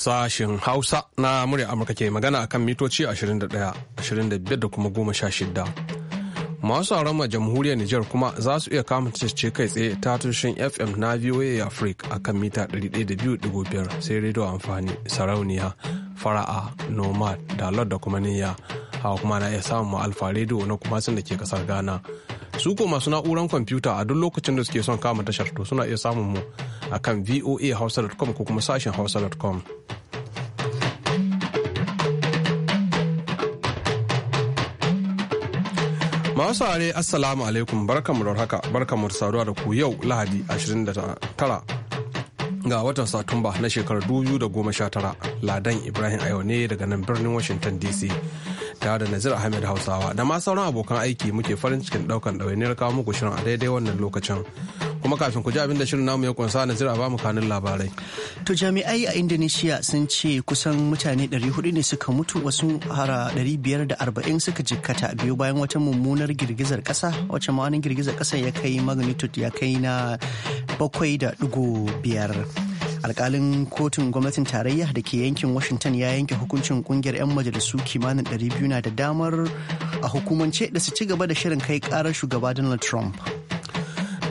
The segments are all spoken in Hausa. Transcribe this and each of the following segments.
Sashen Hausa na murya Amurka ke magana akan mitoci 21, 25 da kuma 16. Masu a jamhuriyar Nijar kuma za su iya kama ce kai tsaye ta tushen FM na VOA Africa akan mita 102.5 sai rediyo amfani sarauniya fara'a nomad da da kuma niyya hawa kuma na iya samun alfa rediyo na kuma sun da ke kasar Ghana. su ko masu na'uran kwamfuta a duk lokacin da suke son kama tashar to suna iya samun mu a kan voahausa.com ko kuma sashen hausa.com masu are assalamu alaikum barkamu da haka barkamu da saduwa da ku yau lahadi 29 ga watan satumba na shekarar 2019 ladan ibrahim ayo ne daga nan birnin washington dc tare da Nazir Ahmed Hausawa da ma sauran abokan aiki muke farin cikin daukan ɗawainiyar kawo muku shirin a daidai wannan lokacin. Kuma kafin ku ji abin da shirin namu ya kunsa Nazir a bamu kanun labarai. To jami'ai a Indonesia sun ce kusan mutane 400 ne suka mutu wasu hara 540 suka jikkata biyu bayan wata mummunar girgizar kasa wacce ma'anin girgizar kasa ya kai magnitude ya kai na 7.5. alkalin kotun gwamnatin tarayya da ke yankin washington ya yanke hukuncin kungiyar 'yan majalisu kimanin 200 na da damar a hukumance da su ci gaba da shirin kai karar shugaba donald trump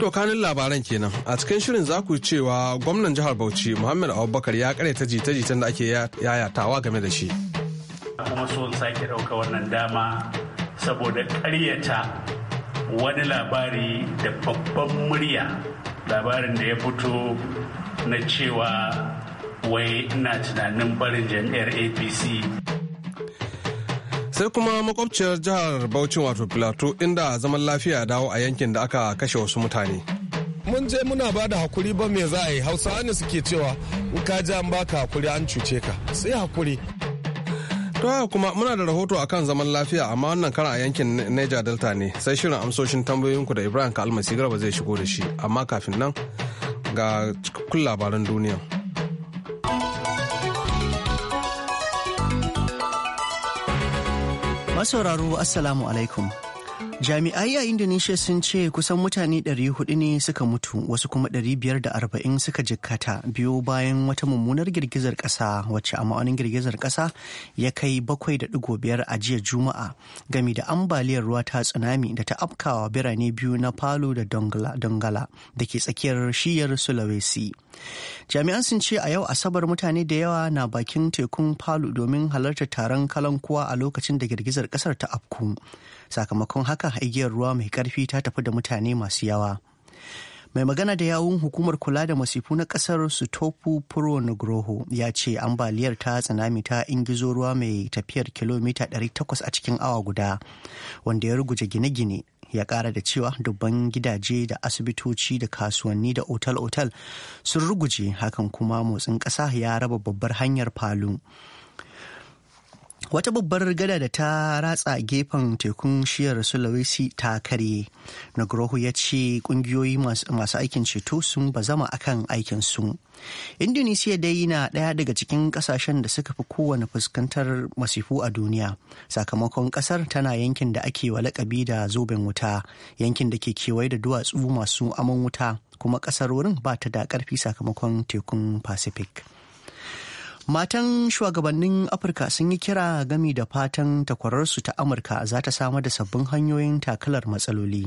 To kanin labaran kenan a cikin shirin za ku cewa gwamnan jihar Bauchi Muhammad Abubakar ya ta jita-jitan da ake yayatawa game da shi. Kuma so sake ɗauka wannan dama saboda karyata wani labari da babban murya labarin da ya fito na cewa wai ina tunanin barin jam'iyyar apc sai kuma makwabciyar jihar bauchi wato plateau inda zaman lafiya ya dawo a yankin da aka kashe wasu mutane mun je muna ba da hakuri ba me za a yi hausawa ne suke cewa in ka ji an baka hakuri an cuce ka sai hakuri To kuma muna da rahoto akan zaman lafiya amma wannan kara a yankin Niger Delta ne sai shirin amsoshin tambayoyinku da Ibrahim Kalmasi Garba zai shigo da shi amma kafin nan ga cikakkun labaran duniya. Masauraro Assalamu alaikum. Jami'ai a Indonesia sun ce kusan mutane 400 ne suka mutu wasu kuma 540 suka jikkata biyo bayan wata mummunar girgizar ƙasa wacce a ma'aunin girgizar ƙasa ya kai 7.5 a jiya Juma'a gami da ambaliyar ruwa ta tsunami da ta afkawa birane biyu na Palu da Dongala da ke tsakiyar shiyar Sulawesi. Jami'an sun ce a yau Asabar mutane da yawa na bakin tekun Palu domin halartar taron kalankuwa a lokacin da girgizar kasar ta afku. Sakamakon haka haka igiyar ruwa mai karfi ta tafi da mutane masu yawa mai magana da yawun hukumar kula da masifu na kasar sutopu puro nugroho ya ce ambaliyar ta tsunami ta ingizo ruwa mai tafiyar kilomita 800 a cikin awa guda wanda ya ruguje gine-gine ya kara da cewa dubban gidaje da asibitoci da kasuwanni da otal-otal sun ruguje hakan kuma motsin ƙasa ya raba babbar hanyar palu wata babbar gada da ta ratsa gefen tekun shiyar sulawesi ta karye nagroho ya ce kungiyoyi masu aikin ceto sun ba zama akan aikin su indonesia dai na ɗaya daga cikin ƙasashen da suka fi kowane fuskantar masifu a duniya sakamakon ƙasar tana yankin da ake wa lakabi da zoben wuta yankin da ke kewaye da duwatsu masu aman wuta kuma ƙasar wurin ba ta da ƙarfi sakamakon tekun pacific Matan shugabannin Afirka sun yi kira gami da fatan takwararsu ta Amurka za ta samar da sabbin hanyoyin takalar matsaloli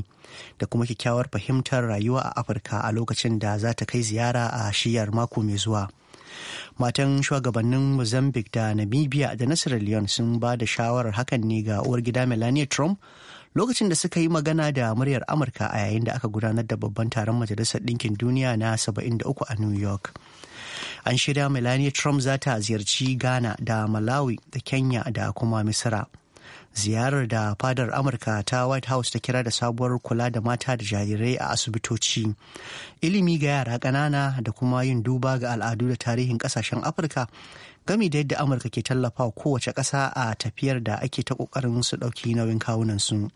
da kuma kyakkyawar fahimtar rayuwa a Afirka a lokacin da za ta kai ziyara a shiyar mako mai zuwa. Matan shugabannin Mozambique da Namibia da nasir leon sun ba da shawarar hakan ne ga uwar gida Melania Trump lokacin da suka yi magana da muryar Amurka a yayin da aka gudanar da babban taron Majalisar Ɗinkin Duniya na 73 a New York. an shirya melania trump za ta ziyarci ghana da malawi da kenya da kuma misira ziyarar da fadar amurka ta white house ta kira da sabuwar kula da mata da jarirai a asibitoci ilimi ga yara ƙanana da kuma yin duba ga al'adu da tarihin ƙasashen afirka gami da yadda amurka ke tallafa kowace ƙasa a tafiyar da ake ta ƙoƙarin su ɗauki nauyin kawunansu. su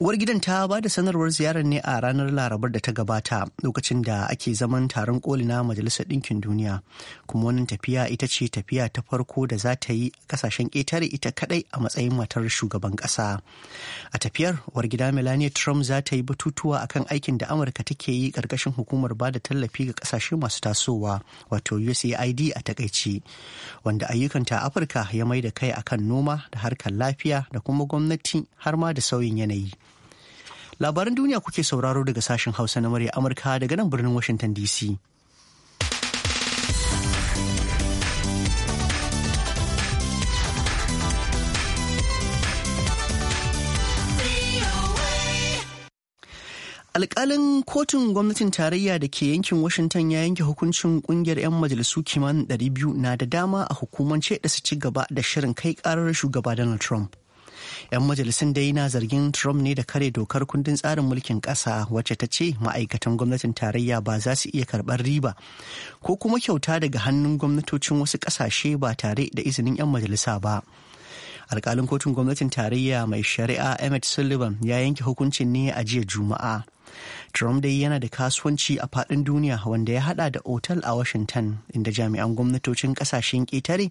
uwar gidan ta ba da sanarwar ziyarar ne a ranar larabar da ta gabata lokacin da ake zaman taron koli majalisar ɗinkin duniya kuma wannan tafiya ita ce tafiya ta farko da za ta yi kasashen ƙetare ita kadai a matsayin matar shugaban ƙasa a tafiyar uwar gida melania trump za ta yi batutuwa akan aikin da amurka take yi ƙarƙashin hukumar ba da tallafi ga ƙasashe masu tasowa wato usaid a takaici wanda ayyukanta a afirka ya mai da kai akan noma da harkar lafiya da kuma gwamnati har ma da sauyin yanayi labaran duniya kuke sauraro daga sashen hausa na murya amurka daga nan birnin washington dc alkalin kotun gwamnatin tarayya da ke yankin washington ya yanke hukuncin kungiyar 'yan majalisu kimanin 200 na da dama a hukumance da su ci gaba da shirin kai karar shugaba donald trump 'Yan majalisun dai na zargin Trump ne da kare dokar kundin tsarin mulkin ƙasa wacce ta ce ma'aikatan gwamnatin tarayya ba za su iya karɓar riba ko kuma kyauta daga hannun gwamnatocin wasu ƙasashe ba tare da izinin 'yan majalisa ba. Alƙalin kotun gwamnatin tarayya mai shari'a Emmett Sullivan ya yanke hukuncin ne a jiya Juma'a. Trump dai yana da kasuwanci a faɗin duniya wanda ya hada da otal a Washington inda jami'an gwamnatocin ƙasashen ƙetare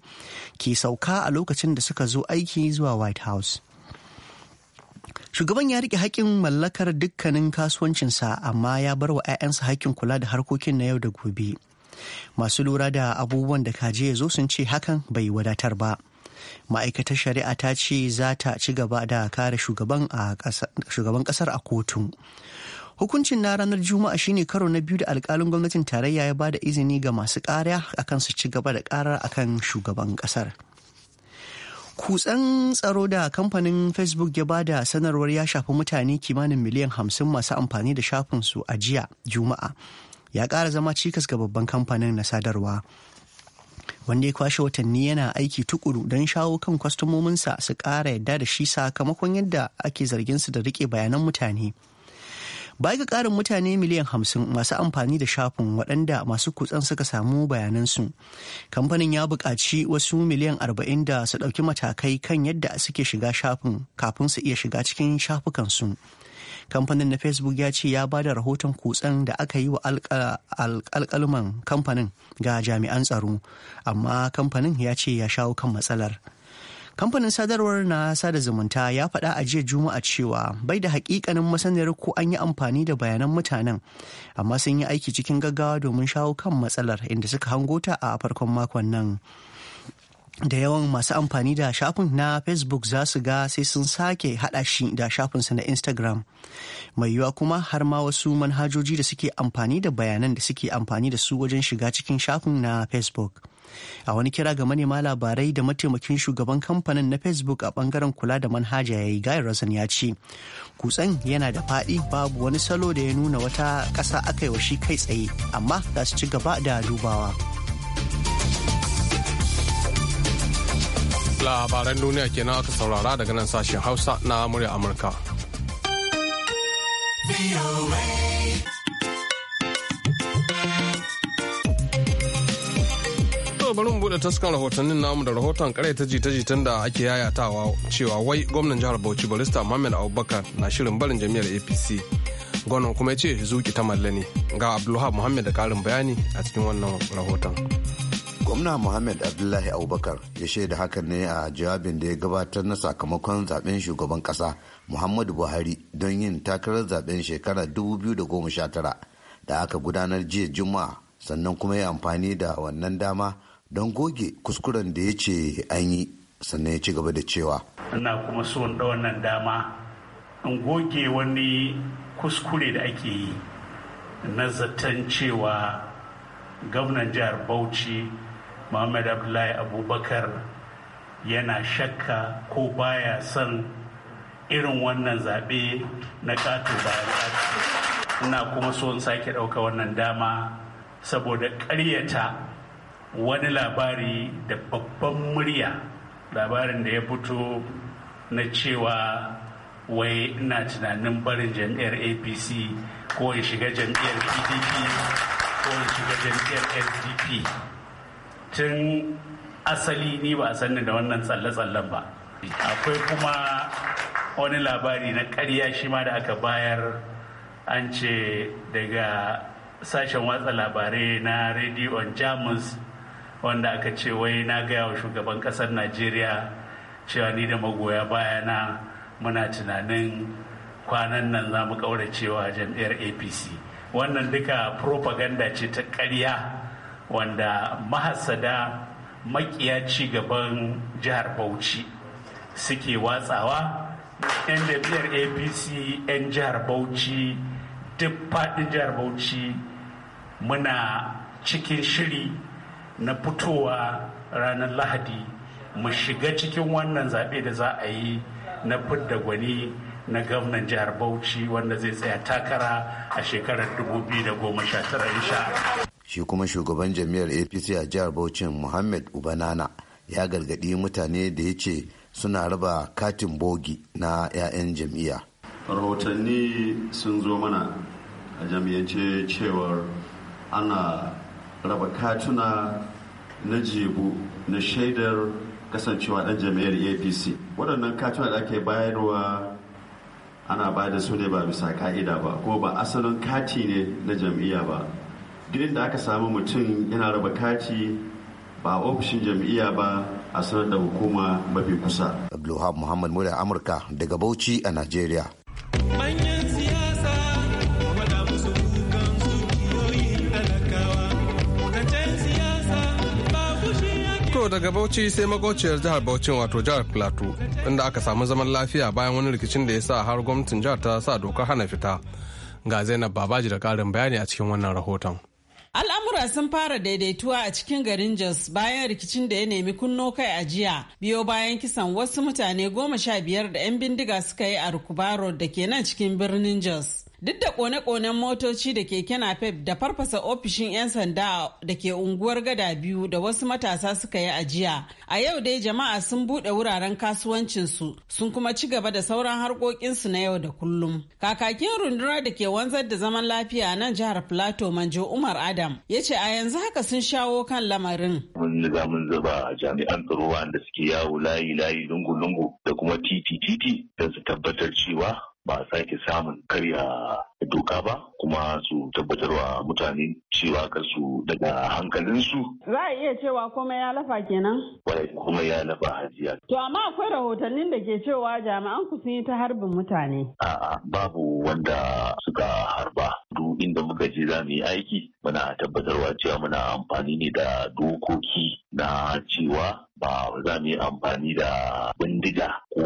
ke sauka a lokacin da suka zo aiki zuwa White House. Shugaban ya rike haƙƙin mallakar dukkanin kasuwancinsa amma ya bar wa 'ya'yansa haƙƙin kula da harkokin na yau da gobe. Masu lura da abubuwan da kaje ya zo sun ce hakan bai wadatar ba. ma'aikatar shari'a ta ce za ta ci gaba da kare shugaban ƙasar a kotun hukuncin na ranar juma'a shine karo na biyu da alkalin gwamnatin tarayya ya ba da izini ga masu kariya akan su ci gaba da karar akan shugaban kasar kutsen tsaro da kamfanin facebook ya ba da sanarwar ya shafi mutane kimanin miliyan hamsin masu amfani da shafin su a jiya juma'a ya kara zama cikas ga babban kamfanin na sadarwa wanda ya kwashe watanni yana aiki tukuru don shawo kan kwastomominsa su ƙara yadda da shi sakamakon yadda ake zargin su da rike bayanan mutane bai ga karin mutane miliyan hamsin masu amfani da shafin waɗanda masu kutsen suka samu bayanansu kamfanin ya buƙaci wasu miliyan arba'in da su ɗauki matakai kan yadda suke shiga shafin kafin su iya shiga cikin shafukansu kamfanin na facebook ya ce ya ba da rahoton kutsen da aka yi wa alkalman kamfanin ga jami'an tsaro amma kamfanin ya ce ya shawo kan matsalar kamfanin sadarwar na sada zumunta ya faɗa a jiya juma'a cewa bai da hakikanin masaniyar ko an yi amfani da bayanan mutanen amma sun yi aiki cikin gaggawa domin shawo kan matsalar inda suka hango ta a farkon makon nan da yawan masu amfani da shafin na facebook za su ga sai sun sake haɗa shi da shafinsa na instagram mai yiwuwa kuma har ma wasu manhajoji da suke amfani da bayanan da suke amfani da su wajen shiga cikin shafin na facebook a wani kira ga manema labarai da mataimakin shugaban kamfanin na facebook a bangaren kula da manhaja ya yi gayarrasan ya ce kutsen yana da faɗi babu wani salo da ya nuna wata ƙasa aka yi wa shi kai tsaye amma za su ci gaba da dubawa labaran duniya kenan aka saurara daga nan sashen hausa na murya amurka to bari mu bude taskan rahotannin namu da rahoton kare ta jita-jitan da ake yayatawa cewa wai gwamnan jihar Bauchi barista Mohammed Abubakar na shirin barin jami'ar APC. Gwamnan kuma ya ce zuki ta malle ne. Ga Abdulhab Muhammad da karin bayani a cikin wannan rahoton. Gwamna Muhammad Abdullahi Abubakar ya shaida hakan ne a jawabin da ya gabatar na sakamakon zaben shugaban kasa Muhammadu Buhari don yin takarar zaben shekarar 2019 da aka gudanar jiya Juma'a sannan kuma ya amfani da wannan dama don goge kuskuren da ya ce an yi sannan ya ci gaba da cewa ina kuma so in da wannan dama in goge wani kuskure da ake yi na zaton cewa gwamnan jihar bauchi muhammad abdullahi abubakar yana shakka ko baya son irin wannan zaɓe na ƙato bayan ina kuma so in sake ɗauka wannan dama saboda ƙaryata wani labari da babban murya labarin da ya fito na cewa wai na tunanin barin jam'iyyar apc ko in shiga jam'iyyar pdp ko in shiga jam'iyyar sdp tun asali ni ba a sanni da wannan tsalle-tsallen ba akwai kuma wani labari na karya shi ma da aka bayar an ce daga sashen watsa labarai na rediyon jamus wanda aka ce wai na gaya wa shugaban kasar najeriya cewa ni da magoya bayana muna tunanin kwanan nan za mu kaura cewa jam'iyyar apc wannan duka propaganda ce ta ƙarya wanda mahasada makiya ci gaban jihar bauchi suke watsawa 'yan jam'iyyar apc 'yan jihar bauchi duk faɗin jihar bauchi muna cikin shiri na fitowa ranar lahadi mu shiga cikin wannan zaɓe da za a yi na fidda gwani na gwamnan jihar bauchi wanda zai tsaya takara a shekarar 2019 shi kuma shugaban jami'ar apc a jihar bauchi muhammad ubanana ya gargaɗi mutane da ya ce suna raba katin bogi na 'ya'yan jam'iyya rahotanni sun zo mana a jam'iyyance cewar ana raba katuna na jebu na shaidar kasancewa ɗan jami'ar apc waɗannan katuna da ake bayarwa ana ba da su ne ba bisa ka'ida ba ko ba asalin kati ne na jam'iyya ba duk da aka samu mutum yana raba kati ba ofishin jam'iyya ba a sanar da hukuma mafi kusa. Abdulhab Muhammad Mura Amurka daga Bauchi a Najeriya. daga Bauchi sai makociyar jihar Bauchi wato jihar Plateau inda aka samu zaman lafiya bayan wani rikicin da ya sa har gwamnatin jihar ta sa dokar hana fita. Ga Zainab Babaji da karin bayani a cikin wannan rahoton. Al'amura sun fara daidaituwa a cikin garin Jos bayan rikicin da ya nemi kunno kai a jiya biyo bayan kisan wasu mutane goma sha biyar da 'yan bindiga suka yi a Rukubaro da ke nan cikin birnin Jos. Duk da kone-konen motoci da keke napep da farfasa ofishin 'yan sanda da ke unguwar gada biyu da wasu matasa suka yi ajiya, a yau dai jama'a sun buɗe wuraren kasuwancinsu sun kuma ci gaba da sauran harkokinsu na yau da kullum. Kakakin rundunar da ke wanzar da zaman lafiya nan jihar Plateau Manjo Umar Adam ya ce a yanzu haka sun shawo kan lamarin. Mun riga mun zuba jami'an tsaro da suke yawo layi-layi lungu-lungu da kuma titi-titi don su tabbatar cewa ba a sake samun karya doka ba kuma su tabbatarwa mutane cewa kansu daga hankalinsu. Za a iya cewa komai ya lafa kenan? Wai kuma ya lafa hajiya. To amma akwai rahotannin da ke cewa jami'an ku sun yi ta harbin mutane. A'a babu wanda suka harba. duk inda muka je za mu yi aiki muna tabbatarwa cewa muna amfani ne da dokoki na cewa ba za mu yi amfani da bindiga ko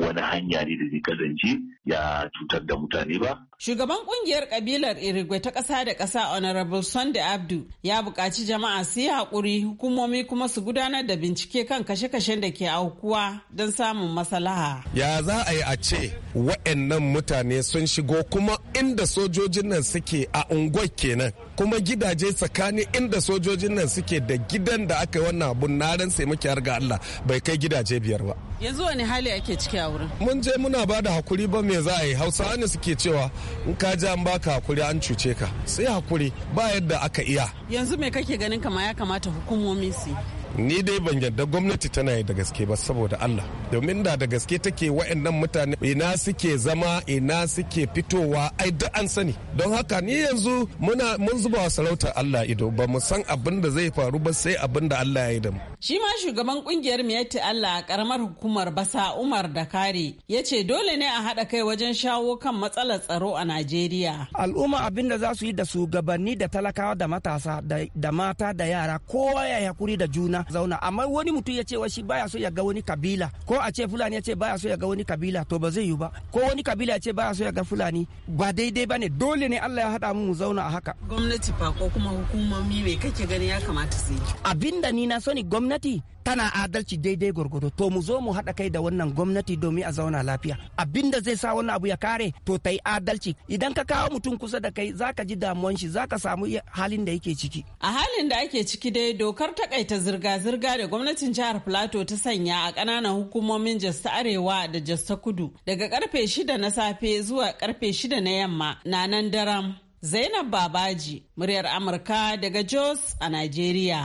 wani hanya ne da zai kasance ya cutar da mutane ba. Shugaban kungiyar kabilar Irigwe ta ƙasa da ƙasa Honorable Sunday Abdu ya buƙaci jama'a su yi haƙuri hukumomi kuma su gudanar da bincike kan kashe-kashen da ke aukuwa don samun masalaha Ya za a yi a ce wa'annan mutane sun shigo kuma inda sojojin nan suke a unguwar kenan kuma gidaje tsakanin inda sojojin nan suke da gidan da aka yi wannan abun na ran sai muke harga Allah bai kai gidaje biyar ba yanzu wani hali ake ciki a wurin mun je muna ba da hakuri ba me za a yi hausawa ne suke cewa in ka ji an baka hakuri an cuce ka sai hakuri ba yadda aka iya yanzu me kake ganin kama ya kamata hukumomi su ni dai ban yarda gwamnati tana yi da gaske ba saboda Allah domin da da gaske take wa'annan mutane ina suke zama ina suke fitowa ai duk an sani don haka ni yanzu muna mun zuba wa sarautar Allah ido ba mu san abin da zai faru ba sai abin da Allah ya yi da mu shi ma shugaban kungiyar miyatti Allah a karamar hukumar basa Umar Kare ya ce dole ne a haɗa kai wajen shawo kan matsalar tsaro a Najeriya al'umma abin da za su yi da shugabanni da talakawa da matasa da mata da yara kowa ya hakuri da juna a zauna amma wani mutum ya ce wa shi baya so ya ga wani kabila ko a ce fulani ya ce baya so ya ga wani kabila to ba zai yi ba ko wani kabila ya ce baya so ya ga fulani ba daidai bane dole ne Allah ya haɗa mu mu zauna a haka gwamnati fa ko kuma hukumomi me kake gani ya kamata su yi da ni na sani gwamnati tana adalci daidai gwargwado to mu zo mu haɗa kai da wannan gwamnati domin a zauna lafiya abinda zai sa wannan abu ya kare to ta yi adalci idan ka kawo mutum kusa da kai zaka ji damuwan shi zaka samu halin da yake ciki a halin da ake ciki dai dokar takaita zirga-zirga da gwamnatin jihar plateau ta sanya a ƙananan hukumomin jasta arewa da jasta kudu daga karfe shida na safe zuwa karfe shida na yamma na nan daram zainab babaji muryar amurka daga jos a nigeria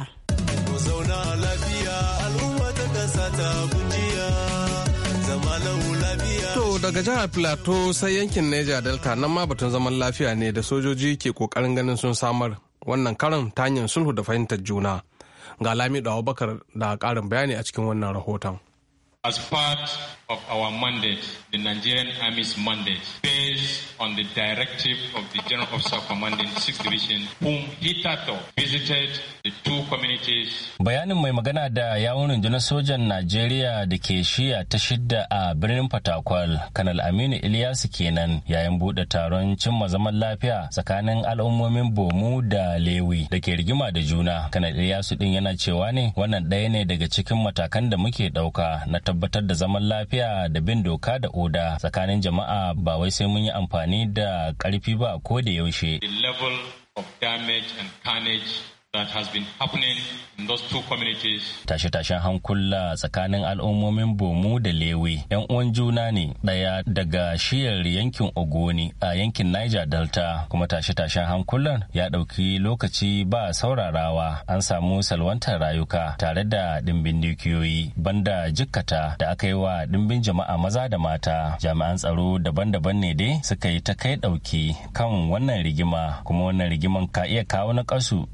To daga jihar Plateau sai yankin Neja Delta nan ma batun zaman lafiya ne da sojoji ke kokarin ganin sun samar wannan karan ta hanyar sulhu da fahimtar juna. Ga Lami Dawo da ƙarin bayani a cikin wannan rahoton. as part of our mandate, the Nigerian Army's mandate, based on the directive of the General Officer Commanding 6th Division, whom Tato visited the two communities. Bayanin mai magana da yawun rundunar sojan Najeriya da ke shiya ta shidda a birnin Fatakwal, Kanal Aminu Ilyasu kenan yayin buɗe taron cimma zaman lafiya tsakanin al'ummomin Bomu da Lewi da ke rigima da juna. Kanal Ilyasu ɗin yana cewa ne wannan ɗaya ne daga cikin matakan da muke ɗauka na tabbatar da zaman lafiya da bin doka da oda tsakanin jama'a ba wai sai mun yi amfani da karfi ba ko da yaushe. The level of damage and carnage Tashe-tashen hankula tsakanin al'ummomin Bomu da Lewe, ‘yan uwan juna ne ɗaya daga shiyar yankin Ogoni a yankin Niger Delta, kuma tashe-tashen hankulan ya ɗauki lokaci ba saurarawa an samu salwantar rayuka tare da ɗimbin dukiyoyi banda jikkata da aka yi wa ɗimbin jama'a maza da mata. Jami'an tsaro daban-daban ne dai suka yi ta kai ɗauki kan wannan rigima, kuma wannan rigiman ka iya kawo na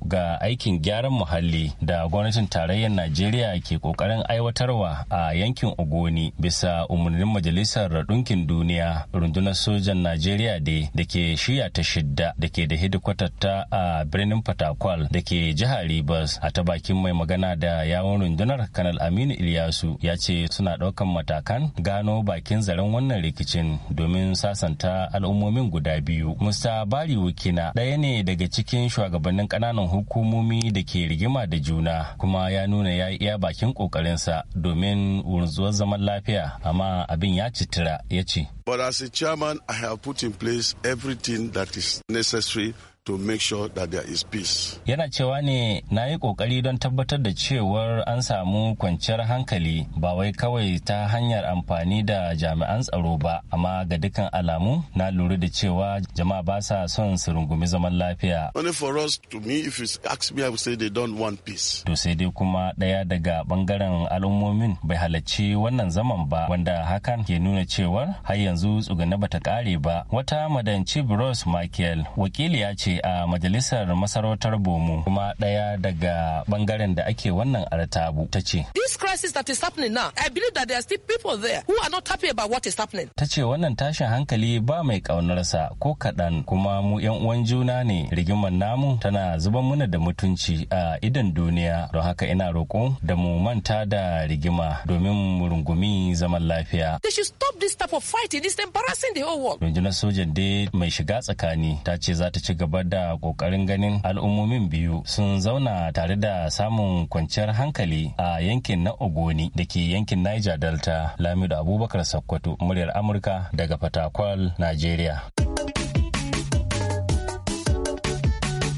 ga aikin gyaran muhalli da gwamnatin tarayyar Najeriya ke kokarin aiwatarwa a yankin Ogoni bisa umarnin Majalisar Ɗinkin Duniya rundunar sojan Najeriya dai da ke Shirya ta shidda da ke da hidikwatar ta a birnin Fatakwal da ke jihar Rivers a ta bakin mai magana da yawon rundunar Kanal Aminu Ilyasu ya ce suna ɗaukan matakan gano bakin zaren wannan rikicin domin sasanta al'ummomin guda biyu. Musa Bari Wukina ɗaya ne daga cikin shugabannin ƙananan hukumomi al'ummomi da ke rigima da juna kuma ya nuna ya iya bakin kokarinsa domin wurzuwar zaman lafiya amma abin ya citira ya ce. But as a chairman, I have put in place everything that is necessary to make sure that there is peace. Yana cewa ne na yi ƙoƙari don tabbatar da cewar an samu kwanciyar hankali ba wai kawai ta hanyar amfani da jami'an tsaro ba amma ga dukkan alamu na lura da cewa jama'a ba sa son su rungumi zaman lafiya. Only for us to me if you ask me I would say they don't want peace. To sai dai kuma ɗaya daga ɓangaren al'ummomin bai halarci wannan zaman ba wanda hakan ke nuna cewar har yanzu tsugunne bata ƙare ba wata madanci Bros Michael wakili ya ce a majalisar masarautar bomu. kuma ɗaya daga bangaren da ake wannan artabu ta ce. This crisis that is happening now, I believe that there are still people there who are not happy about what is happening. Ta ce wannan tashin hankali ba mai ƙaunarsa ko kaɗan kuma mu 'yan uwan juna ne rigimar namu tana zuba muna da mutunci a idan duniya don haka ina roƙo da mu manta da rigima domin mu rungumi zaman lafiya. They should stop this type of fighting. this embarrassing the whole world. Rundunar sojan dai mai shiga tsakani ta ce za ta ci gaba da kokarin ganin al'ummomin biyu sun zauna tare da samun kwanciyar hankali a yankin na ogoni da ke yankin niger delta lamido abubakar sakkwato muryar amurka daga fatakwal nigeria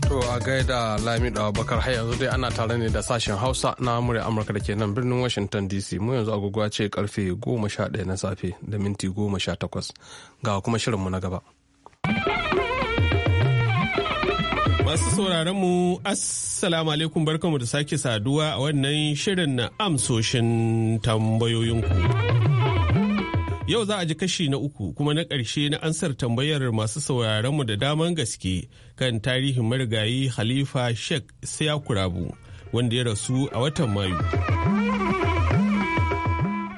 To a gaida Lamido Abubakar har yanzu dai ana tare ne da sashen Hausa na murya Amurka da ke nan birnin Washington DC mu yanzu agogo ce karfe 11 na safe da minti 18 ga kuma shirinmu na gaba. Masu sauraron mu Assalamu alaikum barkanmu da sake saduwa a wannan shirin na amsoshin tambayoyinku. Yau za a ji kashi na uku kuma na ƙarshe na ansar tambayar masu sauraronmu da daman gaske kan tarihin marigayi Khalifa Sheikh Siyakurabu wanda ya rasu a watan Mayu.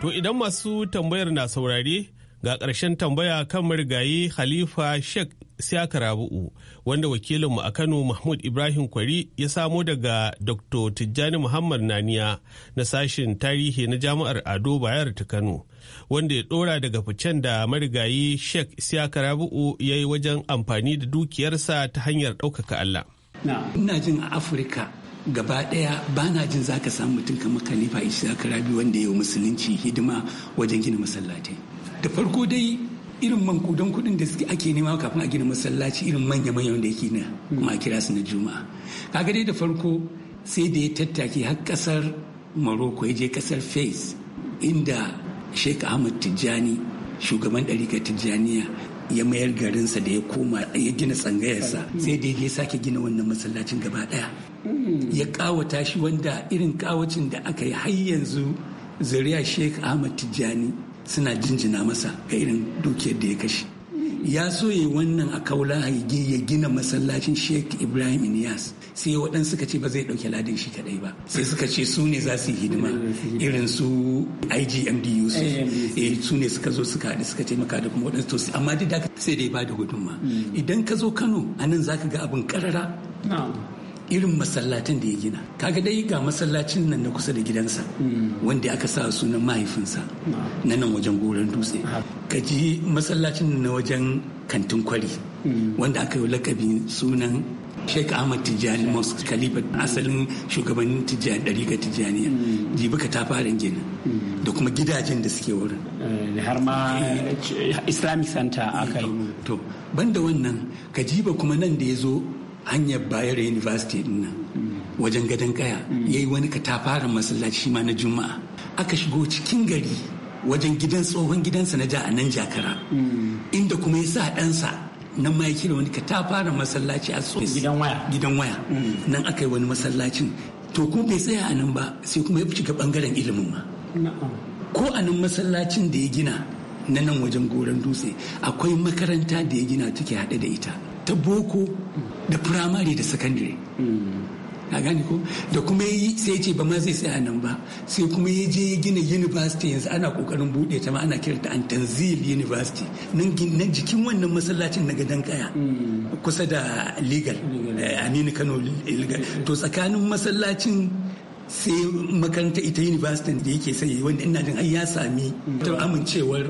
To idan masu tambayar na saurare Ga ƙarshen tambaya kan marigayi Khalifa Sheikh Siyaka Rabu'u wanda wakilinmu a Kano Mahmud Ibrahim Kwari ya samo daga Dr. Tijjani Muhammad Naniya na sashen tarihi na Jami'ar Ado Bayar ta Kano wanda ya ɗora daga ficen da marigayi Sheikh Siyaka Rabu'u ya yi wajen amfani da dukiyarsa ta hanyar ɗaukaka Allah. Ina jin a Afirka gaba ɗaya ba na jin za ka samu mutum kamar Khalifa Isa Karabi wanda ya yi musulunci hidima wajen gina masallatai. da farko dai irin mankudan kuɗin da suke ake nema kafin a gina masallaci irin manya manya da yake na kuma hmm. kira su na juma'a kaga dai da farko sai da ya tattaki har kasar maroko ya je kasar fez inda sheik ahmad tijjani shugaban ɗarika tijjaniya ya mayar garinsa da ya koma ya gina tsangayarsa hmm. sai da ya sake gina wannan masallacin gaba ɗaya hmm. ya kawata shi wanda irin kawacin da aka yi har yanzu zuriya sheik ahmad tijjani suna jinjina masa ga irin dukiyar da ya kashe ya so yi wannan a kaula ya gina masallacin sheikh ibrahim niyas sai waɗansu suka ce ba zai ɗauke ladin shi kaɗai ba sai suka ce su ne za su yi hidima irin su igmd eh, su ne suka zo suka haɗu suka taimaka da kuma waɗansu tosi amma duk da sai dai ba da gudunma hmm. idan ka zo kano a nan za ka ga abin ƙarara irin masallacin da ya gina kaga dai ga masallacin nan na kusa da gidansa hmm. wanda aka sa sunan mahaifinsa hmm. na nan wajen goron dutse hmm. ka ji masallacin na wajen kantin kwari wanda aka yi lakabi sunan Sheikh Ahmad Tijjani Mosque Khalifa asalin shugabannin Tijjani ɗariga Tijjaniya ka ta fara gina da kuma gidajen da suke wurin. Eh, har ma eh. Islamic Center aka yi. To, banda wannan ka jiba kuma nan da ya zo hanyar bayar university dinnan nan wajen gadon kaya ya yi wani katafaren masallaci ma na juma'a aka shigo cikin gari wajen gidan tsohon gidansa na ja a nan jakara inda kuma ya sa ɗansa nan ma ya kira wani katafaren masallaci a gidan waya gidan waya nan aka yi wani masallacin to ko bai tsaya a nan ba sai kuma ya shiga bangaren ilimin ma ko a nan masallacin da ya gina na nan wajen goron dutse akwai makaranta da ya gina take haɗe da ita ta boko da firamare da sakandare na gane ko da kuma yi sai ce ba ma zai tsaya nan ba sai kuma ya je ya gina university yanzu ana kokarin bude ta ma ana kira ta antanzil university nan jikin wannan masallacin na gadon kaya kusa da legal eh, amini kano legal to tsakanin masallacin sai makaranta ita university da yake sai wanda ina jin ai ya sami ta amincewar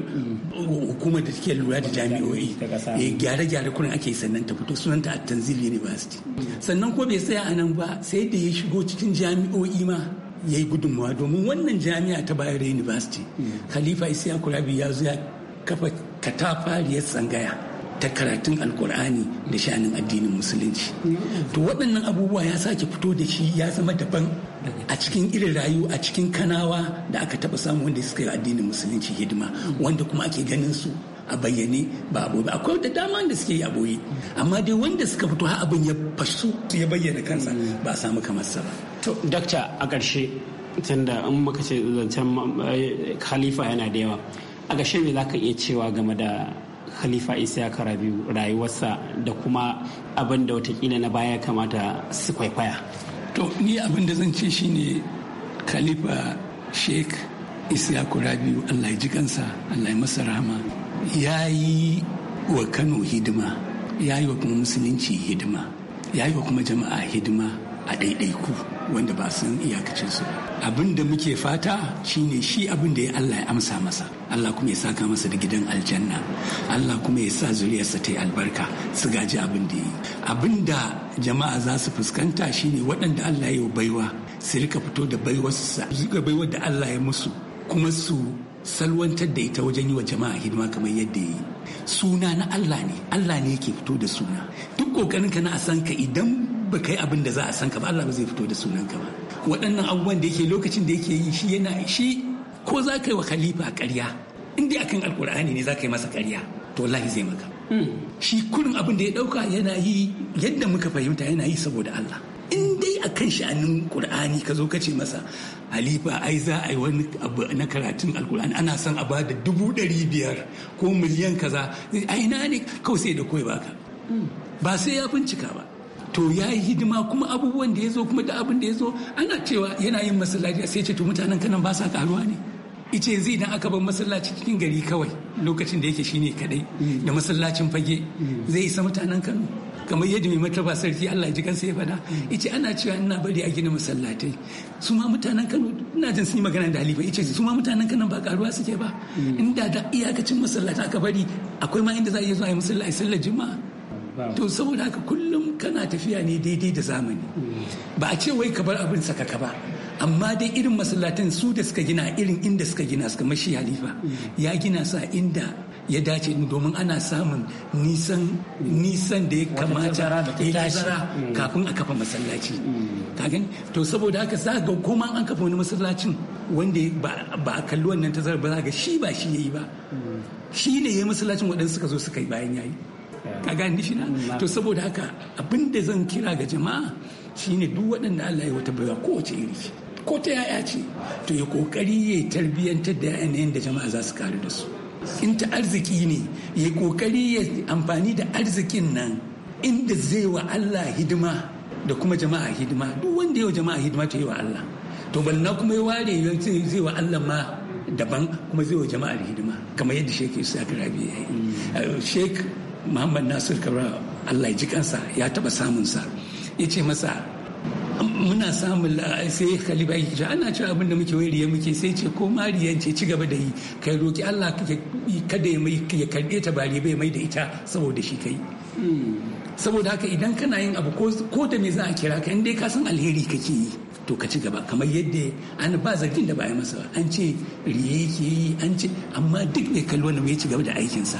hukumar da take lura da jami'o'i eh, gyare-gyare kurin ake sannan ta fito sunan a tanzil university sannan ko bai tsaya a nan ba sai da ya shigo cikin jami'o'i ma ya yi gudunmawa domin wannan jami'a ta bayar university khalifa isiya kurabi ya zo ya kafa katafariyar tsangaya ta karatun alkur'ani da shanun addinin musulunci to waɗannan abubuwa ya sake fito da shi ya zama daban a cikin irin rayu a cikin kanawa da aka taba samu wanda suka yi addinin musulunci hidima wanda kuma ake ganin su a bayyane ba abu ba akwai da dama da suke yi a boye amma dai wanda suka fito har abin ya fasu ya bayyana kansa ba a samu kamar sa ba to dakta a ƙarshe tunda in muka ce zancen eh, khalifa yana da yawa a ƙarshe me zaka iya cewa game da khalifa isa karabiyu rayuwarsa da kuma abin da watakila na baya kamata su kwaikwaya to ni abin da zan ce shine khalifa sheikh isyaku rabiu allah ya ji kansa allah ya masa rahama ya yi wa kano hidima ya yi wa kuma musulunci hidima ya yi wa kuma jama'a hidima a ɗaiɗaiku wanda ba sun iyakacinsu abin da muke fata shine shi abin da ya Allah ya amsa masa Allah kuma ya saka masa da gidan aljanna Allah kuma ya sa zuriyarsa ta yi albarka su gaji abin da yi abin da jama'a za su fuskanta shine waɗanda Allah ya yi baiwa su rika fito da baiwarsu su baiwa da Allah ya musu kuma su salwantar da ita wajen yi wa jama'a hidima kamar yadda ya yi suna na Allah ne Allah ne yake fito da suna duk kokarin ka na a san ka idan ba kai abin da za a san ka ba Allah ba zai fito da sunan ka ba waɗannan abubuwan da yake lokacin da yake yi shi yana shi ko za ka yi wa khalifa ƙarya in dai akan alkur'ani ne za ka yi masa ƙarya to wallahi zai maka hmm. shi kullum abin da ya ɗauka yana yi yadda muka fahimta yana yi saboda Allah in dai a kan sha'anin qur'ani ka zo ka ce masa halifa ai za a yi wani abu na karatun alkur'ani ana son a bada dubu ɗari biyar ko miliyan kaza ai na ne kawai sai da kawai baka hmm. ba sai ya bincika ba to ya yi hidima kuma abubuwan da ya zo kuma da abin da ya zo ana cewa yana yin masallaci sai ce to mutanen kanan ba sa karuwa ne ice zai idan aka bar masallaci cikin gari kawai lokacin da yake shine kadai mm. da masallacin fage mm. zai isa mutanen kano kamar yadda mai mataba sarki Allah ya ji kansa ya faɗa mm. ice ana cewa ina bari a gina masallatai su ma mutanen Kano ina jin sun yi magana da Halifa ice su ma mutanen Kano ba karuwa suke ba inda da iyakacin masallaci aka bari akwai ma inda za a iya zuwa a yi masallaci sallar juma'a to saboda haka kullum kana tafiya ne daidai da zamani ba a ce wai ka bar abin sakaka ba amma dai irin masallatin su da suka gina irin inda suka gina suka mashi halifa ya gina su inda ya dace domin ana samun nisan nisan da ya kamata ya mm. kafin a kafa masallaci mm. kagan to saboda haka za ga koma an kafa wani masallacin wanda ba a kalli wannan tazarar ba za ga shi ba shi yayi ba mm. shi ne ya masallacin waɗansu suka zo suka yi bayan yayi ka gani shi na to saboda haka abin da zan kira ga jama'a shine duk waɗanda Allah ya wata baiwa kowace iri ce ko ta yaya ce to ya kokari ya tarbiyyantar da yanayin da jama'a za su kare da su in ta arziki ne ya kokari ya amfani da arzikin nan inda zai wa Allah hidima da kuma jama'a hidima duk wanda yau jama'a hidima ta yi wa Allah to balla kuma ya ware zai wa Allah ma daban kuma zai wa jama'ar hidima kamar yadda Sheikh Isa Rabi ya yi mm. muhammad nasir kabra allah ji kansa ya taba samun sa ya ce masa muna samun sai khalifa yake cewa ana cewa abin da muke wariya muke sai ce ko mariyan ce ci gaba da yi kai roki Allah kada ya karbe ta bare bai mai da ita saboda shi kai saboda haka idan kana yin abu ko da me za a kira ka in dai ka san alheri kake yi to ka ci gaba kamar yadda an ba zargin da ba yi masa an ce riye yake yi an ce amma duk mai kallo na ya ci gaba da aikinsa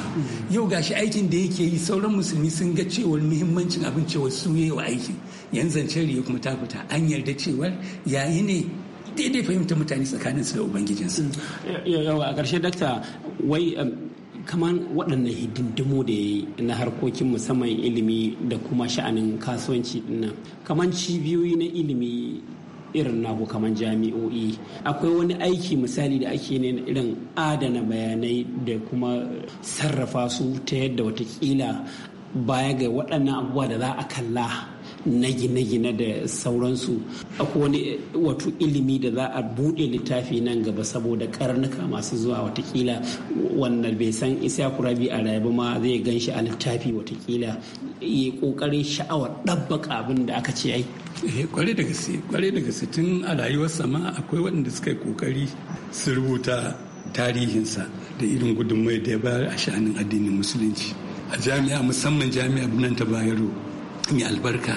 yau gashi aikin da yake yi sauran musulmi sun ga cewar muhimmancin abin cewa su yi wa aikin yanzu riya riye kuma ta fita an yarda cewar yayi ne daidai fahimta mutane tsakaninsu da ubangijinsu yawa a ƙarshe dakta wai um, kamar waɗannan hidindimu da ya yi na harkokin musamman ilimi da kuma sha'anin kasuwanci dinnan kamar cibiyoyi na ilimi irin naku kamar jami'o'i akwai wani aiki misali da ake ne irin adana bayanai da kuma sarrafa su ta yadda watakila baya ga waɗannan abubuwa da za a kalla na gine-gine da sauransu akwai wani eh, wato ilimi da za a buɗe littafi nan gaba saboda karnuka masu zuwa watakila wannan bai san isa kurabi a rayuwa ma zai gan shi a littafi watakila ya kokarin sha'awar ɗabbaka abin da aka ce ai kwarai eh, da gaske kwarai da gaske tun a rayuwarsa ma akwai waɗanda suka kokari su rubuta tarihinsa da irin gudunmai da ya bayar a sha'anin addinin musulunci a jami'a musamman jami'a nan ta bayero mai albarka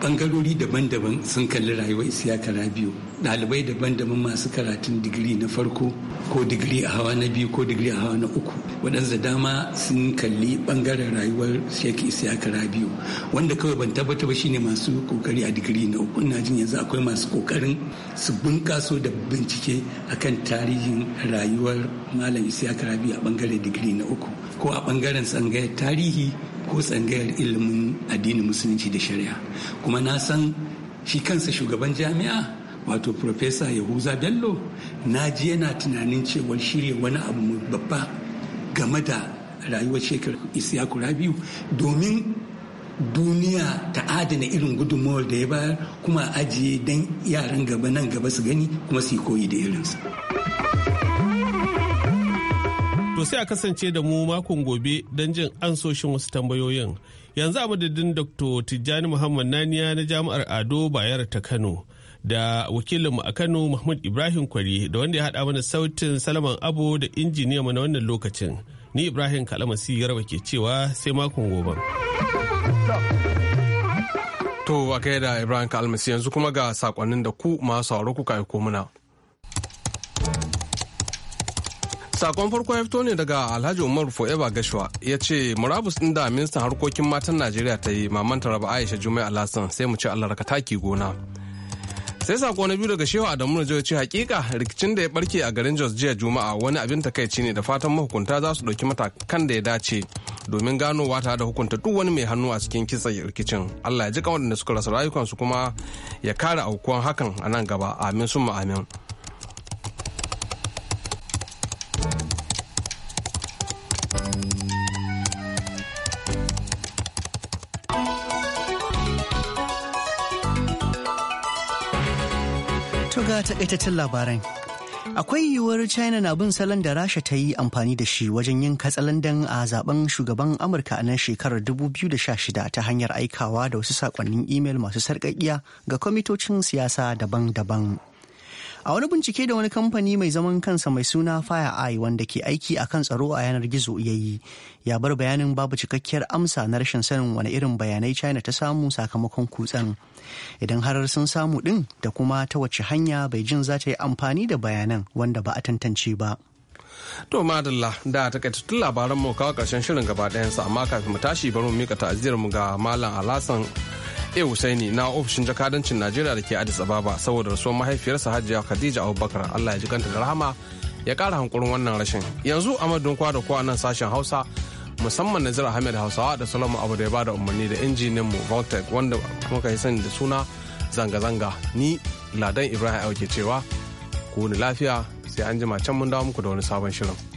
bangarori daban-daban sun kalli rayuwar kara biyu dalibai daban-daban masu karatun digiri na farko ko digiri a hawa na biyu ko digiri a hawa na uku waɗansu dama sun kalli bangaren rayuwar shek kara biyu wanda kawai ban tabbata ba shine masu kokari a digiri na uku ina jin yanzu akwai masu kokarin su bunkaso da bincike akan tarihin rayuwar malam kara biyu a bangaren digiri na uku ko a bangaren tsangayar tarihi ko tsangayar ilimin addinin musulunci da shari'a kuma na san shi kansa shugaban jami'a wato profesa yahuza bello na ji yana tunanin cewa shirya wani abu babba game da rayuwar shekarar isiyaku rabiu domin duniya ta adana irin gudunmawar da ya bayar kuma ajiye don yaran gaba nan gaba su gani kuma su yi koyi da irinsa. To sai a kasance da mu makon gobe don jin ansoshin wasu tambayoyin. Yanzu a madadin Dr. Tijjani Muhammad Naniya na Jami'ar Ado Bayar ta Kano da wakilinmu a Kano Mahmud Ibrahim Kwari da wanda ya haɗa mana sautin Salaman Abu da injiniya mu na wannan lokacin. Ni Ibrahim Kalamasi Garba ke cewa sai makon gobe. To a da Ibrahim Kalmasi yanzu kuma ga sakonnin da ku masu sauraro kuka aiko muna. Sakon farko ya fito ne daga Alhaji Umar Forever Gashwa ya ce murabus ɗin da ministan harkokin matan Najeriya ta yi mamanta raba Aisha Jumai Alhassan sai mu ce Allah raka taki gona. Sai sako na biyu daga Shehu Adamu na ce hakika rikicin da ya barke a garin Jos jiya Juma'a wani abin takaici ne da fatan mahukunta za su ɗauki matakan da ya dace domin ganowa tare da hukunta duk wani mai hannu a cikin kitsa rikicin. Allah ya ji kan waɗanda suka rasa rayukansu kuma ya kare aukuwan hakan a nan gaba. Amin summa amin. takaitaccen labarai Akwai yiwuwar China na bin salon da Rasha ta yi amfani da shi wajen yin katsalandan a zaben shugaban Amurka a nan shekarar 2016 ta hanyar aikawa da wasu sakonnin imel masu sarƙaƙiya ga kwamitocin siyasa daban-daban. A wani bincike da wani kamfani mai zaman kansa mai suna FireEye wanda ke aiki a kan tsaro a yanar gizo ya yi, ya bar bayanin babu cikakkiyar amsa na rashin sanin wani irin bayanai China ta samu sakamakon kutsen. idan har sun samu ɗin da kuma ta wace hanya beijing za ta yi amfani da bayanan wanda ba a tantance ba. To madalla da takaitattun labaran mu kawo karshen shirin gaba ɗayansa amma kafin mu tashi bari mu mika ta'aziyar mu ga Malam Alhassan E Husaini na ofishin jakadancin Najeriya da ke Addis Ababa saboda rasuwar mahaifiyarsa Hajiya Khadija Abubakar Allah ya ji kanta da rahama ya ƙara hankurin wannan rashin. Yanzu Amadu Kwa da Kwa nan sashen Hausa musamman na Nazir Ahmed Hausawa da Solomon Abu da ya bada umarni da injinin mu Voltec wanda ka yi sani da suna zanga-zanga ni Ladan Ibrahim ke cewa ku ni lafiya sai an jima can mun dawo muku da wani sabon shirin.